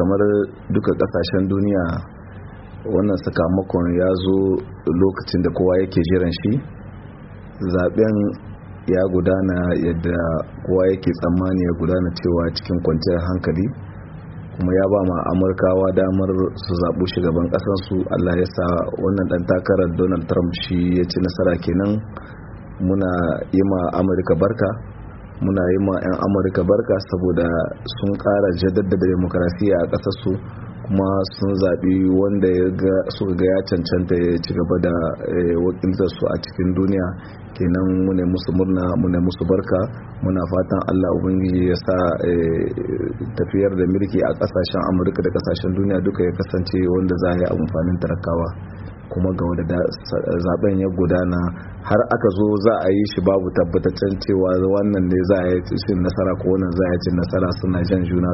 kamar duka kasashen duniya wannan sakamakon ya zo lokacin da kowa yake jiran shi zaben ya gudana yadda kowa yake tsammani ya gudana cewa cikin kwanciyar hankali kuma ya ba ma amurkawa damar su zaɓi shugaban ƙasarsu allah ya sa wannan ɗan takarar donald trump shi ya ci nasara kenan muna yi ma amurka barka muna yi ma 'yan amurka barka saboda sun kara jaddada demokrasiya a ƙasarsu kuma sun zaɓi wanda suka ga ya cancanta ya ci gaba da eh, wakiltarsu a cikin duniya kenan mune musu murna muna musu barka muna fatan allah ubangiji ya sa eh, tafiyar da mulki a kasashen amurka da ƙasashen duniya duka ya kasance wanda za a yi amfanin talakawa kuma ga wanda zaben ya gudana har aka zo za a yi shi babu tabbataccen cewa wannan ne za a yi cin nasara ko wannan za a yi cin nasara suna jan juna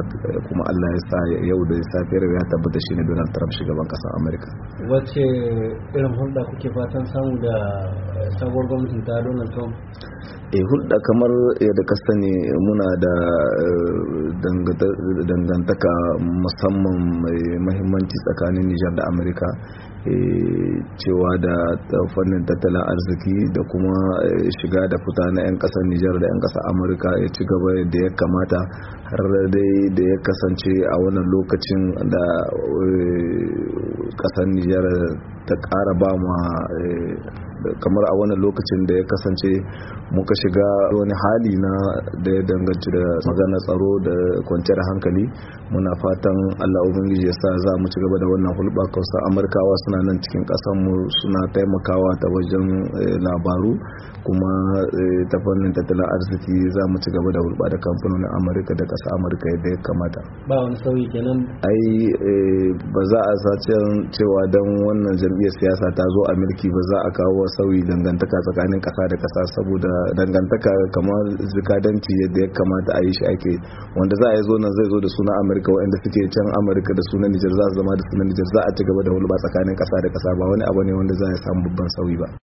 kuma Allah ya sa yau da safiyar ya tabbata shi ne Donald Trump shugaban kasar Amurka. Wace irin hulɗa kuke fatan samu da sabuwar gwamnatin ta Donald Trump? E hulɗa kamar yadda ka sani muna da eh, dangantaka musamman mai mahimmanci tsakanin Nijar da Amurka eh, cewa da fannin tattalin arziki da kuma eh, shiga da fita na 'yan kasar Nijar da 'yan kasar Amurka ya ci gaba da ya kamata har dai da ya kasance a wannan lokacin da kasar eh, Nijar ta ƙara ba ma eh, kamar a wani lokacin da ya kasance muka shiga wani hali na da ya danganci da magana tsaro da kwanciyar hankali muna fatan allah ubangiji ya sa za mu ci gaba da wannan hulɓa kawsa amurkawa suna nan cikin mu suna taimakawa ta wajen eh, labaru kuma eh, ta fannin tattalin arziki za mu ci gaba da hulɓa da kamfanonin amurka da ƙasa amurka yadda ya kamata ba wani sauyi kenan ai eh, ba za a sace cewa don wannan jam'iyyar siyasa ta zo a mulki ba za a kawo wa. sauyi dangantaka tsakanin kasa da kasa saboda dangantaka kamar zikadanci yadda ya kamata a yi shi ake wanda za a yi zo nan zai zo da suna amurka waɗanda suke can amurka da suna nijar za su zama da suna nijar za a ci gaba da hulɓa tsakanin kasa da kasa ba wani abu ne wanda za a samu babban sauyi ba